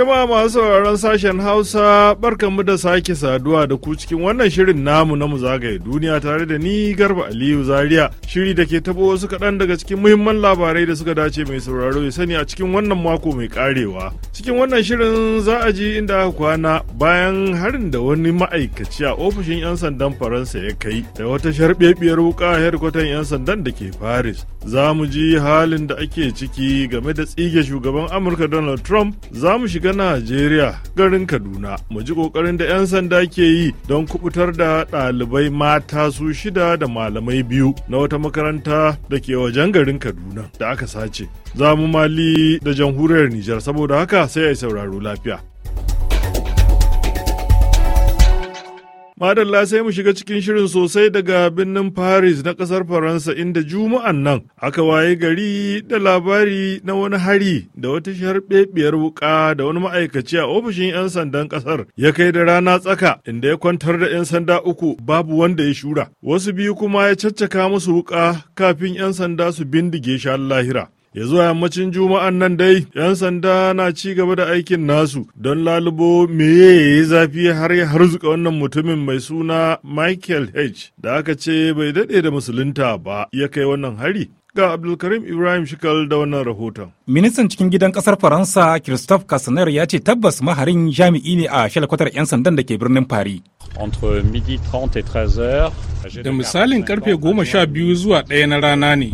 Jama'a masu sauraron sashen Hausa barkanmu da sake saduwa da ku cikin wannan shirin namu na zagaye duniya tare da ni Garba Aliyu Zaria shiri da ke tabo wasu kaɗan daga cikin muhimman labarai da suka dace mai sauraro ya sani a cikin wannan mako mai karewa. Cikin wannan shirin za a ji inda aka kwana bayan harin da wani ma'aikaci a ofishin 'yan sandan Faransa ya kai da wata sharbebiyar wuka a hedkwatan 'yan sandan da ke Paris. Za mu ji halin da ake ciki game da tsige shugaban Amurka Donald Trump za mu shiga ga Najeriya garin Kaduna mu ji kokarin da 'yan sanda ke yi don kubutar da ɗalibai mata su shida da malamai biyu na wata makaranta da ke wajen garin Kaduna da aka sace. Za mu mali da jamhuriyar Nijar saboda haka sai a sauraro lafiya. Madalla sai mu shiga cikin shirin sosai daga birnin Paris na kasar Faransa inda juma'an nan aka waye gari da labari na wani hari da wata sharbebiyar wuka da wani ma'aikaci a ofishin 'yan sandan kasar ya kai da rana tsaka inda ya kwantar da 'yan sanda uku babu wanda ya shura. Wasu biyu kuma ya caccaka musu wuka kafin 'yan sanda su bindige shi lahira. ya zuwa yammacin juma'an nan dai yan sanda na ci gaba da aikin nasu don lalubo meye ya zafi har ya harzuka wannan mutumin mai suna michael h da aka ce bai daɗe da musulunta ba ya kai wannan hari ga abdulkarim ibrahim shikal da wannan rahoton ministan cikin gidan kasar faransa christophe casner ya ce tabbas maharin jami'i ne a shalkwatar 'yan sandan da ke birnin paris da misalin karfe goma sha biyu zuwa ɗaya na rana ne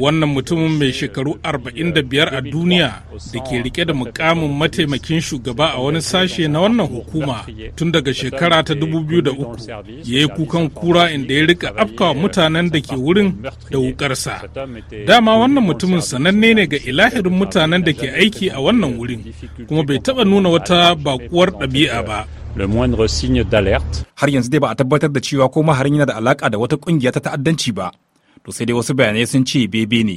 Wannan mutumin mai shekaru 45 a duniya da ke rike da mukamin mataimakin shugaba a wani sashe na wannan hukuma tun daga shekara ta 2003 ya yi kukan kura inda ya rika afkawa mutanen da ke wurin da wukarsa. Dama wannan mutumin sananne ne ga ilahirin mutanen da ke aiki a wannan wurin kuma bai taɓa nuna wata bakuwar ɗabi'a ba. le moindre signe d'alerte. Har yanzu dai ba a tabbatar da cewa ko maharin yana da alaka da wata ƙungiya ta ta'addanci ba. to sai dai wasu bayanai sun ce bebe ne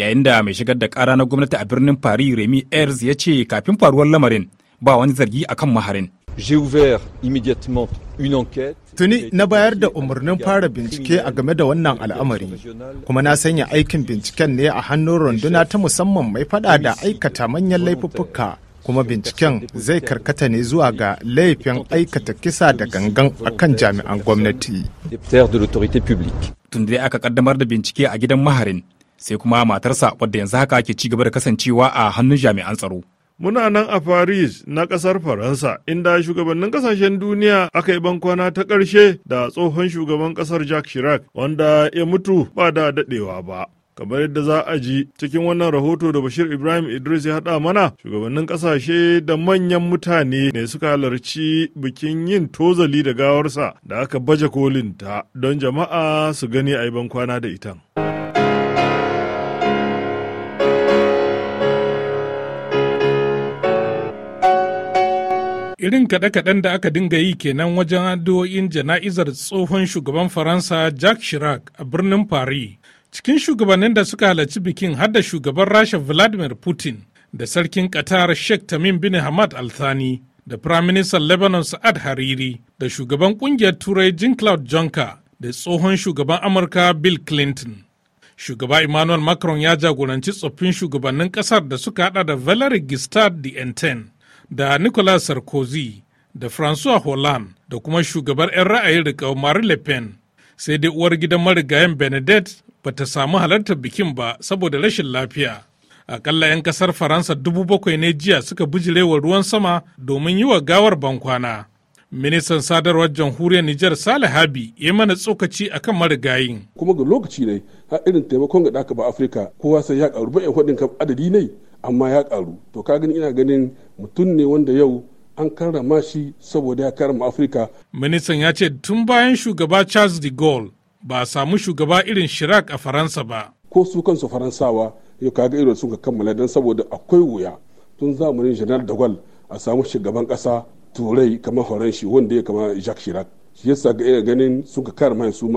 yayin da mai shigar da kara na gwamnati a birnin paris remy ayers ya ce kafin faruwar lamarin ba wani zargi akan maharin Tuni na bayar da umarnin fara bincike a game da wannan al'amari, kuma na sanya aikin binciken ne a hannun runduna ta musamman mai fada da aikata manyan laifuffuka, kuma binciken zai karkata ne zuwa ga laifin aikata kisa da gangan akan jami'an gwamnati. tunda dai aka kaddamar da bincike a gidan maharin sai kuma matarsa wadda yanzu haka ke ci gaba da kasancewa a hannun jami'an tsaro. Muna nan a Paris na ƙasar Faransa, inda shugabannin ƙasashen duniya aka yi bankwana ta ƙarshe da tsohon shugaban ƙasar Jacques Chirac, wanda ya mutu ba da daɗewa ba. kamar yadda za a ji cikin wannan rahoto da bashir ibrahim idris ya haɗa mana shugabannin ƙasashe da manyan mutane ne suka halarci bikin yin tozali da gawarsa da aka baje kolin ta don jama'a su gani a yi kwana da ita irin kaɗe-kaɗen da aka dinga yi kenan wajen addu'o'in jana'izar tsohon shugaban faransa jack chirac a birnin paris Cikin shugabannin da suka halarci bikin har da shugaban Rasha Vladimir Putin da sarkin Qatar Sheikh Tamim bin Hamad Al da Firaministan Lebanon Sa'ad Hariri da shugaban kungiyar Turai Jean Claude Juncker da tsohon shugaban Amurka Bill Clinton. Shugaba Emmanuel Macron ya jagoranci tsoffin shugabannin kasar da suka hada da Valery Giscard enten da Nicolas Sarkozy da Francois Hollande da kuma shugabar 'yan ra'ayin riƙau Marie Le Pen. Sai dai uwar gidan marigayen Benedict ba ta samu halartar bikin ba saboda rashin lafiya. Akalla 'yan kasar Faransa dubu bakwai ne jiya suka bijirewa ruwan sama domin yi wa gawar bankwana. Ministan sadarwar jamhuriyar Nijar Sale Habi ya mana tsokaci a kan marigayin. Kuma ga lokaci ne har irin taimakon ga daka ba Afirka kowa sai ya karu bayan hudin adadi ne amma ya ƙaru To ka gani ina ganin mutum ne wanda yau an karrama shi saboda ya karrama Afirka. Ministan ya ce tun bayan shugaba Charles de Gaulle ba a samu shugaba irin shirak a Faransa ba. Ko su kansu Faransawa ya kaga irin sun ka kammala don saboda akwai wuya tun zamanin Janar de Gaulle a samu shugaban kasa turai kamar Faranshi wanda ya kama Jacques shirak Shi yasa ga iya ganin sun ka kare mai su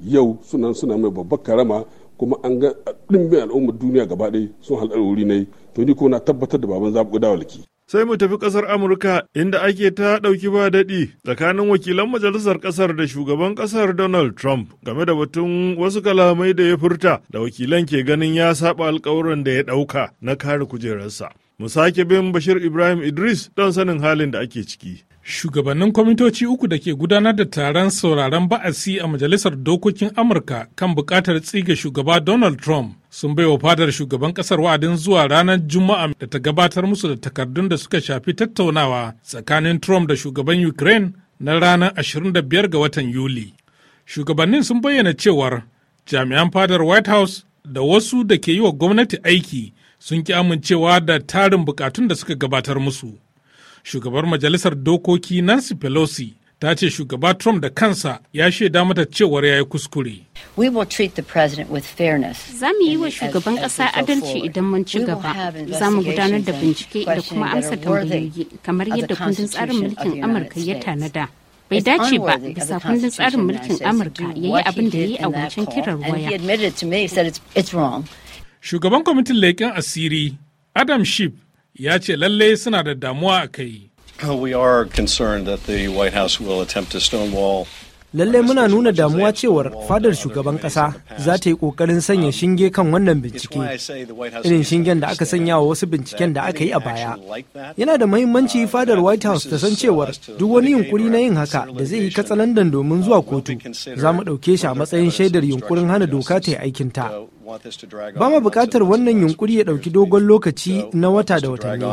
yau suna suna mai babbar karama kuma an ga ɗimbin al'ummar duniya gaba ɗaya sun halar wuri ne to ni ko na tabbatar da baban zaɓi dawalki. sai mu tafi kasar Amurka inda ake ta dauki ba daɗi tsakanin wakilan majalisar ƙasar da shugaban ƙasar Donald Trump game da batun wasu kalamai da ya furta da wakilan ke ganin ya saba alkawuran da ya ɗauka na kare kujerarsa. Mu sake bin Bashir Ibrahim Idris don sanin halin da ake ciki. Shugabannin kwamitoci uku da ke gudanar da taron sauraron ba'asi a Majalisar Dokokin Amurka kan bukatar tsige shugaba Donald Trump sun baiwa fadar shugaban kasar wa'adin zuwa ranar Juma'a da ta gabatar musu da takardun da suka shafi tattaunawa tsakanin Trump da shugaban Ukraine na ranar 25 ga watan Yuli. Shugabannin sun bayyana cewar jami'an fadar White House da wasu da ke yi wa gwamnati aiki sun ki amincewa da tarin bukatun da suka gabatar musu. shugabar majalisar dokoki Nancy Pelosi ta ce shugaba Trump da kansa ya shaida mata cewar ya yi kuskure. Za mu yi wa shugaban ƙasa adalci idan mun ci gaba, za mu gudanar da bincike da kuma amsa tambayoyi kamar yadda kundin tsarin mulkin Amurka ya tanada. bai dace ba bisa kundin tsarin mulkin amurka ya yi abin da ya yi a wancan kirar waya shugaban kwamitin leƙen asiri adam ship ya ce lalle suna da damuwa a kai. Uh, we are concerned that the White House will attempt to stonewall lallai muna nuna damuwa cewar fadar shugaban kasa za ta yi kokarin sanya shinge kan wannan bincike irin shingen da aka sanya wa wasu binciken da aka yi a baya yana da mahimmanci fadar white house ta san cewar duk wani yunkuri na yin haka da zai yi katsalandan domin zuwa kotu za mu ɗauke shi a matsayin shaidar yunkurin hana doka ta yi aikinta ba ma bukatar wannan yunkuri ya ɗauki dogon lokaci na wata da watanni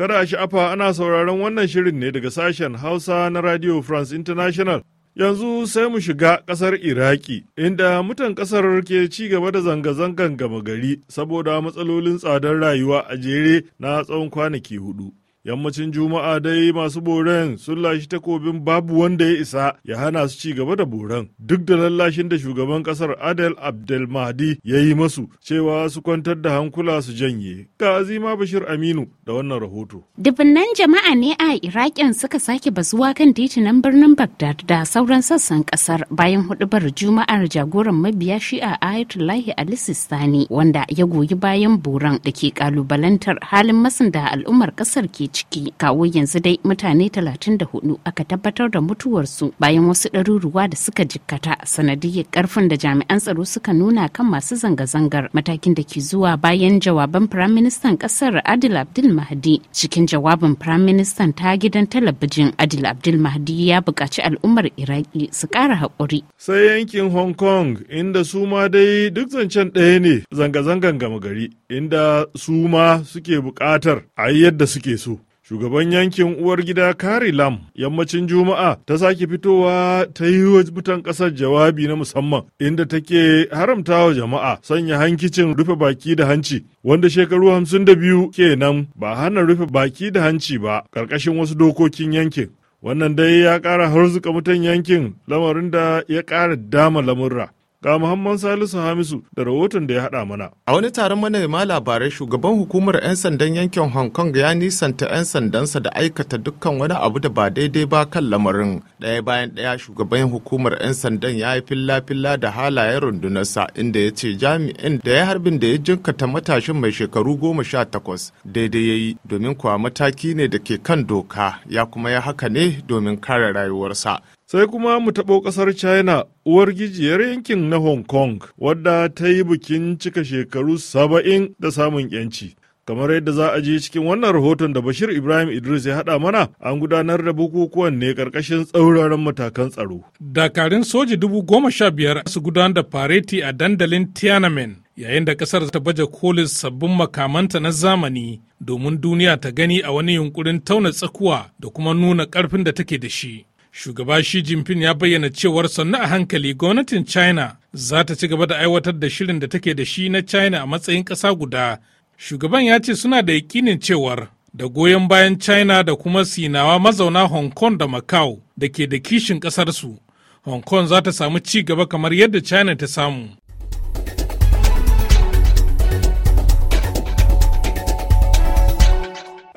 Kada a sha'afa ana sauraron wannan shirin ne daga sashen Hausa na Radio France International. Yanzu sai mu shiga kasar Iraki, inda mutan ƙasar ke ci gaba da zanga-zangan gama gari saboda matsalolin tsadar rayuwa a jere na tsawon kwanaki hudu. yammacin juma'a dai masu boren sun lashe takobin babu wanda ya isa ya hana su ci gaba da boren duk da lallashin da shugaban kasar adel mahdi ya yi masu cewa su kwantar da hankula su janye ga azima bashir aminu da wannan rahoto dubunnan jama'a ne a iraƙin suka sake bazuwa kan titunan birnin bagdad da sauran sassan kasar bayan hudubar juma'ar jagoran mabiya shi'a ayatullahi ali sistani wanda ya goyi bayan boran da ke kalubalantar halin masin da al'ummar kasar ke ciki kawo yanzu dai mutane 34 aka tabbatar da mutuwarsu bayan wasu ɗaruruwa da suka jikkata sanadiyyar ƙarfin da jami'an tsaro suka nuna kan masu zanga-zangar matakin da ke zuwa bayan jawaban firaministan ƙasar adil abdul mahdi cikin jawabin firaministan ta gidan talabijin adil abdul mahdi ya buƙaci al'ummar iraki su ƙara haƙuri sai yankin hong kong inda su ma dai duk zancen ɗaya ne zanga-zangan gama gari inda su ma suke buƙatar a yi yadda suke so Shugaban yankin uwar gida Kari Lam yammacin Juma'a ta sake fitowa ta yi wa kasar ƙasar jawabi na musamman inda take haramtawa jama'a sanya hankicin rufe baki da hanci wanda shekaru hamsin da biyu kenan ba hana rufe baki da hanci ba ƙarƙashin wasu dokokin yankin. Wannan dai ya ƙara harzuka mutan yankin lamarin da ya ƙara dama lamurra. Ga Muhammad Salisu Hamisu da rahoton da ya haɗa mana. A wani taron manema labarai shugaban hukumar 'yan sandan yankin Hong Kong ya nisanta 'yan sandansa da aikata dukkan wani abu da ba daidai ba kan lamarin. Ɗaya bayan ɗaya shugaban hukumar 'yan sandan ya yi filla-filla da halayen rundunarsa inda ya ce jami'in da ya harbin da ya jinkata matashin mai shekaru goma sha takwas daidai ya yi domin kuwa mataki ne da ke kan doka ya kuma ya haka ne domin kare rayuwarsa. sai kuma mu taɓo ƙasar china uwar gijiyar yankin na hong kong wadda ta yi bikin cika shekaru saba'in da samun yanci kamar yadda za a ji cikin wannan rahoton da bashir ibrahim idris ya haɗa mana an gudanar da bukukuwan ne ƙarƙashin tsauraran matakan tsaro dakarun soji dubu goma sha biyar su gudanar da fareti a dandalin tiananmen yayin da ƙasar ta baje kolin sabbin makamanta na zamani domin duniya ta gani a wani yunkurin tauna tsakuwa da kuma nuna ƙarfin da take da shi shugaba shi jinping ya bayyana cewar sannu a hankali gwamnatin china za ta ci gaba da aiwatar da shirin da take da shi na china a matsayin ƙasa guda shugaban ya ce suna da yaƙinin cewar da goyon bayan china da kuma sinawa mazauna hong kong da macau da ke da kishin ƙasarsu hong kong za ta samu ci gaba kamar yadda china ta samu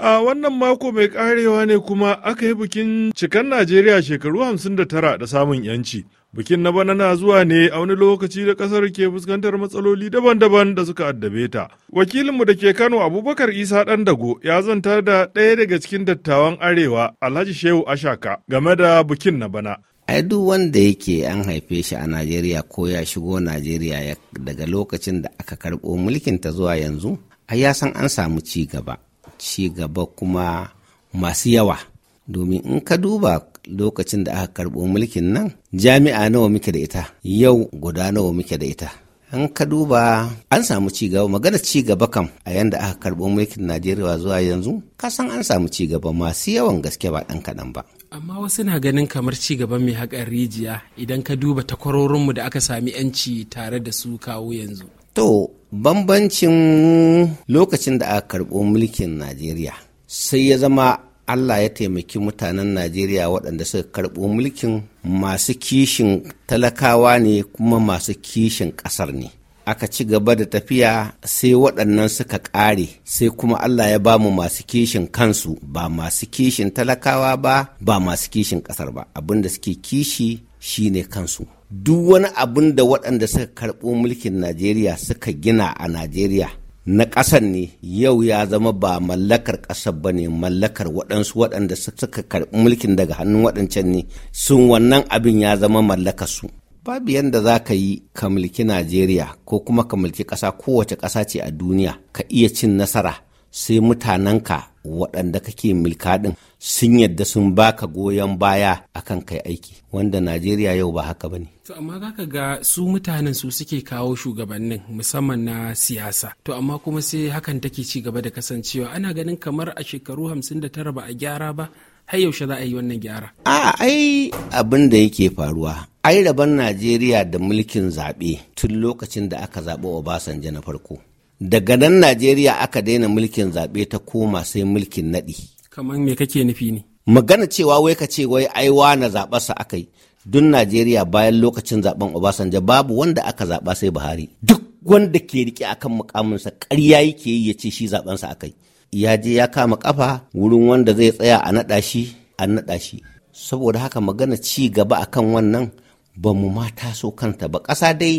A wannan mako mai karewa ne kuma aka yi bikin cikan Najeriya shekaru 59 da samun yanci. Bikin na bana na zuwa ne a wani lokaci da kasar ke fuskantar matsaloli daban-daban da suka addabe ta. Wakilinmu da ke Kano Abubakar Isa ɗan dago ya zanta da ɗaya daga cikin dattawan Arewa Alhaji Shehu Ashaka game da bikin na bana. ai duk wanda yake an haife shi a najeriya ko ya shigo najeriya daga lokacin da aka karɓo mulkin ta zuwa yanzu ai ya san an samu ci gaba ci gaba kuma masu yawa domin in ka duba lokacin da aka karɓo mulkin nan jami'a nawa muke da ita yau guda nawa muke da ita an ka duba an samu ci magana ci kam a yanda aka karɓo mulkin najeriya zuwa yanzu kasan an samu cigaba masu yawan gaske ba ɗan kaɗan ba amma wasu na ganin kamar ci gaba mai haƙar rijiya idan ka duba takwarorinmu da aka sami yanci tare da su kawo yanzu to bambancin lokacin da aka karɓo mulkin najeriya sai ya zama Allah ya taimaki mutanen Najeriya waɗanda suka karɓo mulkin masu kishin talakawa ne kuma masu kishin ƙasar ne. Aka ci gaba da tafiya sai waɗannan suka ƙare sai kuma Allah ya ba mu masu kishin kansu ba masu kishin talakawa ba ba masu kishin ƙasar ba abinda suke kishi Shi ne kansu duk wani abin da waɗanda suka karɓo mulkin najeriya suka gina a najeriya na ƙasar ne yau ya zama ba mallakar ƙasar ba ne mallakar waɗansu waɗanda suka karɓi mulkin daga hannun waɗancan ne sun wannan abin ya zama mallakar su babu yadda za ka yi ka mulki najeriya ko kuma ka mulki ƙasa kowace ƙasa ce a duniya ka iya cin nasara sai mutanenka waɗanda kake milka ɗin sun yadda sun baka goyon baya akan kai aiki wanda najeriya yau ba haka ba ne to amma zaka ga su mutanen su suke kawo shugabannin musamman na siyasa to amma kuma sai hakan take ci gaba da kasancewa ana ganin kamar a shekaru hamsin da tara ba a gyara ba har yaushe za a yi wannan gyara a ai abin da yake faruwa ai rabon najeriya da mulkin zaɓe tun lokacin da aka zaɓi obasanjo na farko daga nan najeriya aka daina mulkin zaɓe ta koma sai mulkin naɗi kamar me kake nufi ne magana cewa wai ka ce wai ai na zaɓarsa aka yi dun najeriya bayan lokacin zaɓen obasanjo babu wanda aka zaɓa sai buhari duk wanda ke riƙe akan mukaminsa ƙarya yake yi ya ce shi zaɓensa aka yi ya je ya kama kafa wurin wanda zai tsaya a naɗa shi an naɗa shi saboda haka magana ci gaba akan wannan ba mu ma taso kanta ba ƙasa dai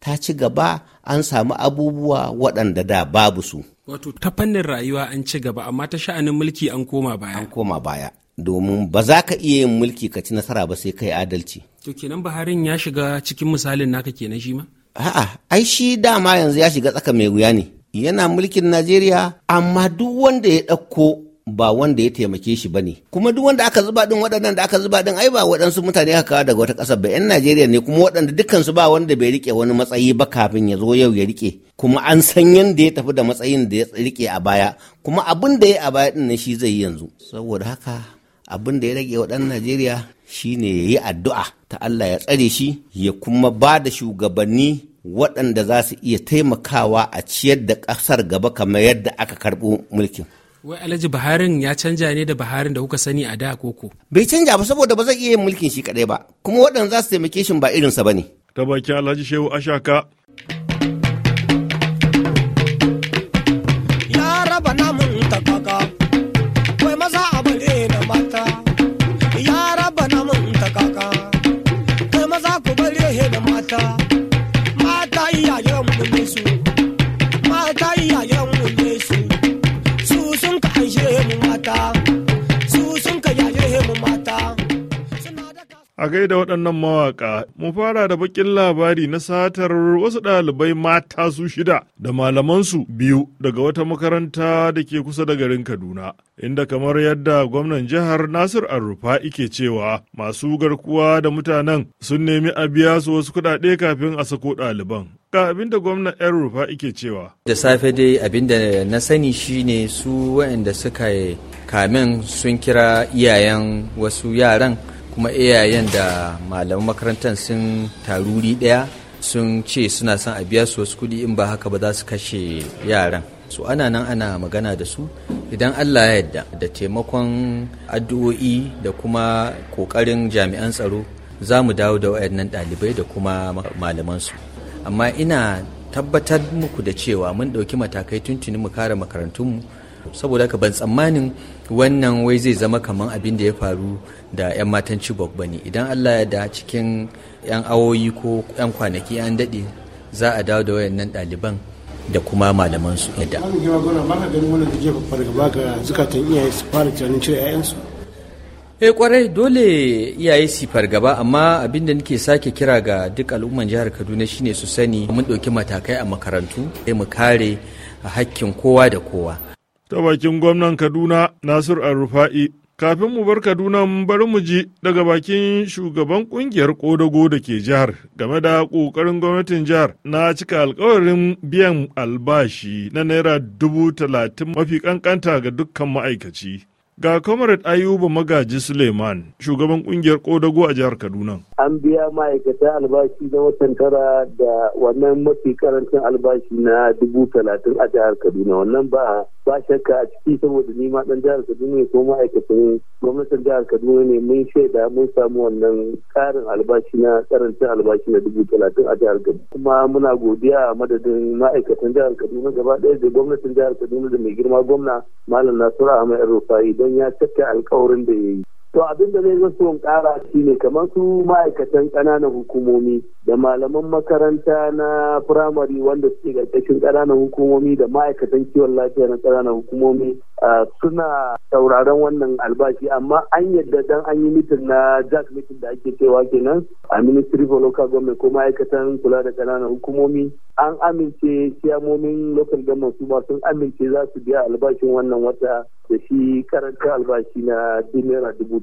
ta ci gaba an samu abubuwa waɗanda da babu su. Wato ta fannin rayuwa an ci gaba amma ta sha'anin mulki an koma baya. An koma baya. Domin ba za ka iya yin mulki ka ci nasara ba sai kai adalci. To kenan Buharin ya shiga cikin misalin naka kenan shi ma? A'a, ai shi dama yanzu ya shiga tsaka mai wuya ne. Yana mulkin Najeriya amma duk wanda ya ɗauko ba wanda ya taimake shi bane kuma duk wanda aka zuba din waɗannan da aka zuba din ai ba waɗansu mutane aka kawo daga wata ƙasar ba 'yan Najeriya ne kuma waɗanda dukkan su ba wanda bai rike wani matsayi ba kafin ya zo yau ya rike kuma an san yadda ya tafi da matsayin da ya rike a baya kuma abin da ya a baya din shi zai yi yanzu saboda haka abin da ya rage wa ɗan Najeriya shine ya yi addu'a ta Allah ya tsare shi ya kuma ba da shugabanni waɗanda za su iya taimakawa a ciyar da ƙasar gaba kamar yadda aka karɓo mulkin. wai alhaji buharin ya canja ne da buharin da kuka sani a da koko bai canja ba saboda ba zai iya yin mulkin shi kadai ba kuma waɗanda za su taimake shi ba irinsa ba ne ta baki alhaji shehu ashaka a gaida waɗannan mawaƙa. Mu fara da bakin labari na satar wasu ɗalibai mata su shida da malamansu biyu daga wata makaranta da ke kusa da garin Kaduna. Inda kamar yadda gwamnan jihar Nasir arufa ike cewa masu garkuwa da mutanen sun nemi a biya su wasu kuɗaɗe kafin a sako ɗaliban. ga abinda gwamnan yan rufa ike cewa da safe dai abinda na sani shine su waɗanda suka kamin sun kira iyayen wasu yaran kuma iyayen da malaman makarantar sun taruri ɗaya sun ce suna son a biya su wasu kuɗi in ba haka ba za su kashe yaran su ana nan ana magana da su idan allah ya yadda da taimakon addu'o'i da kuma ƙoƙarin jami'an tsaro za mu dawo da wayannan ɗalibai da kuma malamansu amma ina tabbatar muku da cewa mun ɗauki matakai tuntuni mu kare makarantunmu saboda haka ban tsammanin wannan wai zai zama kamar abin da ya faru da 'yan matan chibok ba ne idan allah ya da cikin 'yan awoyi ko 'yan kwanaki an daɗe za a dawo da wayannan ɗaliban da kuma malaman su yadda. E, kwarai dole iyaye su fargaba amma abin da nake sake kira ga duk al'umman jihar Kaduna shine su sani mun ɗauki matakai a makarantu mu kare a hakkin kowa da kowa ta bakin gwamnan Kaduna Nasir al Kafin mu bar Kaduna bari mu ji daga bakin shugaban kungiyar Kodago da ke jihar game da ƙoƙarin gwamnatin jihar na cika alkawarin biyan albashi na Naira dubu talatin mafi kankanta ga dukkan ma'aikaci. Ga Comrade Ayuba Magaji Suleiman, shugaban kungiyar Kodago a jihar Kaduna. An biya ma'aikata albashi na watan tara da wannan mafi karancin albashi na dubu talatin a jihar Kaduna. Wannan ba ba shakka a ciki saboda ni ma dan jihar Kaduna ne ko ma'aikatan gwamnatin jihar Kaduna ne mun shaida mun samu wannan karin albashi na karancin albashi na dubu talatin a jihar Kaduna kuma muna godiya a madadin ma'aikatan jihar Kaduna gaba ɗaya da gwamnatin jihar Kaduna da mai girma gwamna Malam Nasiru Ahmed Rufai don ya cika alkawarin da ya yi. to abin da zai zo in kara ne kamar su ma'aikatan ƙananan hukumomi da malaman makaranta na firamare wanda suke ƙarƙashin ƙananan hukumomi da ma'aikatan kiwon lafiya na ƙananan hukumomi suna sauraron wannan albashi amma an yadda dan an yi mitin na jack mitin da ake cewa kenan a ministry for local government ko ma'aikatan kula da ƙananan hukumomi an amince siyamomin local government su ma sun amince za su biya albashin wannan wata da shi karanta albashi na naira dubu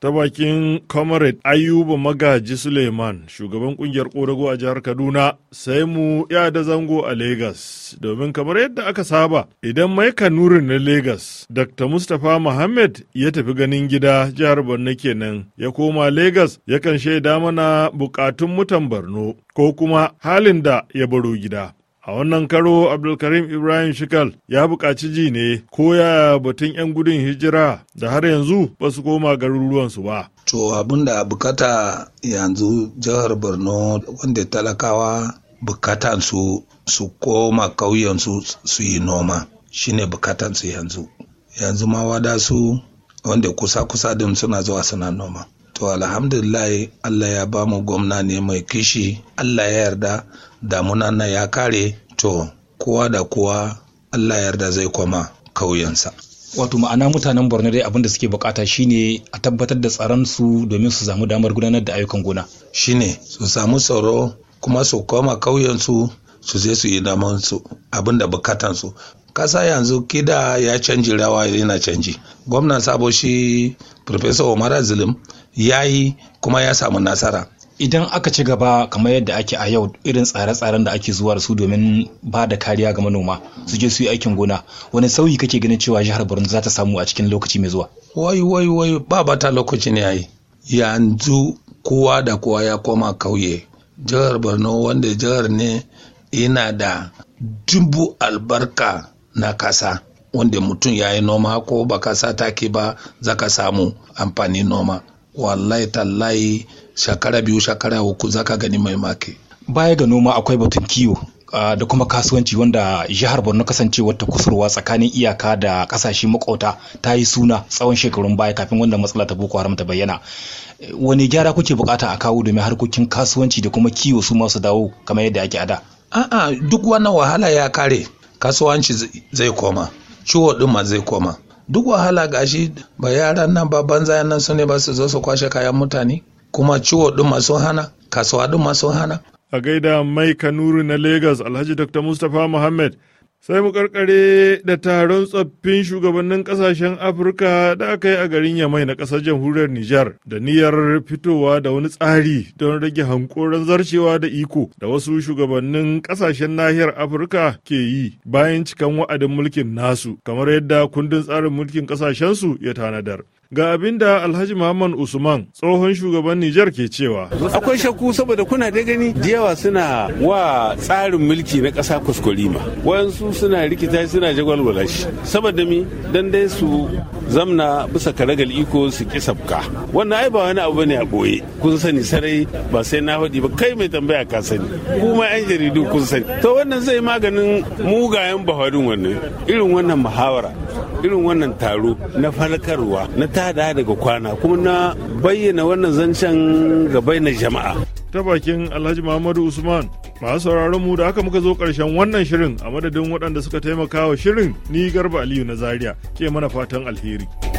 Ta bakin Comrade Ayuba Magaji Suleiman, shugaban kungiyar Korago a jihar Kaduna, sai mu ya da zango a Legas. Domin kamar yadda aka saba, idan mai kanurin na Legas, Dr. Mustapha Muhammad ya tafi ganin gida jihar Borno kenan, ya koma Legas yakan shaida mana bukatun mutan Borno ko kuma halin da ya baro gida. A wannan karo Abdulkarim Ibrahim Shikal ya buƙaci ji ne ko ya batun 'yan gudun hijira da har yanzu ba su koma garuruwansu ba. To abin da bukata yanzu jihar Borno wanda talakawa bukatansu su koma ƙauyensu su yi noma shine bukatansu yanzu. Yanzu ma wada su wanda kusa-kusa din suna zuwa suna noma. to alhamdulillah Allah ya ba mu gwamna ne mai kishi Allah ya yarda damuna na ya kare to kowa da kowa Allah ya yarda zai koma kauyensa wato ma'ana mutanen borno dai abin da suke bukata shine a tabbatar da tsaron su domin su samu damar gudanar da ayyukan gona shine su samu tsaro kuma su koma kauyensu su je su yi daman su abinda bukatan su kasa yanzu kida ya canji rawa yana canji gwamnan sabo shi professor omar azilim ya yi kuma ya samu nasara idan aka ci gaba kamar yadda ake a yau irin tsare-tsaren da ake zuwa su domin ba da kariya ga manoma su je su yi aikin gona wani sauyi kake ganin cewa jihar borno za ta samu a cikin lokaci mai zuwa wai wai wai ba ba ta lokaci ne yayi yanzu kowa da kowa ya koma kauye jihar borno wanda jihar ne yana da dubu albarka na kasa wanda mutum ya yi noma ko baka sa take ba zaka samu amfanin noma wallahi tallahi shakara biyu shakara uku zaka gani mai make baya ga noma akwai batun kiwo da kuma kasuwanci wanda jihar borno kasance wata kusurwa tsakanin iyaka da kasashe makota ta yi suna tsawon shekarun baya kafin wannan matsala ta boko haram ta bayyana wani gyara kuke bukata a kawo domin harkokin kasuwanci da kuma kiwo su masu dawo kamar yadda ake ada a'a duk wannan wahala ya kare kasuwanci zai koma ciwo din ma zai koma duk wahala gashi ba yaran nan ba banza nan su ne ba su zo su kwashe kayan mutane kuma ciwo din ma sun hana kasuwa din ma sun hana a gaida mai kanuri na lagos alhaji dr mustapha muhammed. Sai mu karkare da taron tsoffin shugabannin kasashen Afirka da aka yi a garin Yamai na ƙasar jamhuriyar Nijar da niyyar fitowa da wani tsari don rage hankoron zarcewa da iko da wasu shugabannin kasashen nahiyar Afirka ke yi bayan cikan wa'adin mulkin nasu kamar yadda kundin tsarin mulkin kasashensu ya tanadar. Ga abin da Alhaji Muhammad Usman tsohon shugaban Nijar ke cewa. Akwai shakku saboda kuna da gani da yawa suna wa tsarin mulki na ƙasa ma Wayansu suna rikita suna jagwalwala shi. Saboda mi dan dai su zamna bisa karagal iko su ki sabka. Wannan ai ba wani abu ne a boye. Kun sani sarai ba sai na faɗi ba kai mai tambaya ka sani. Kuma 'yan jaridu kun sani. To wannan zai maganin mugayen baharin wannan irin wannan muhawara irin wannan taro na falkarwa na da daga kwana kuma na bayyana wannan zancen ga na jama'a ta bakin alhaji muhammadu usman masu sauraron mu da aka muka zo karshen wannan shirin a madadin waɗanda suka taimaka wa shirin ni garba aliyu na zaria ke mana fatan alheri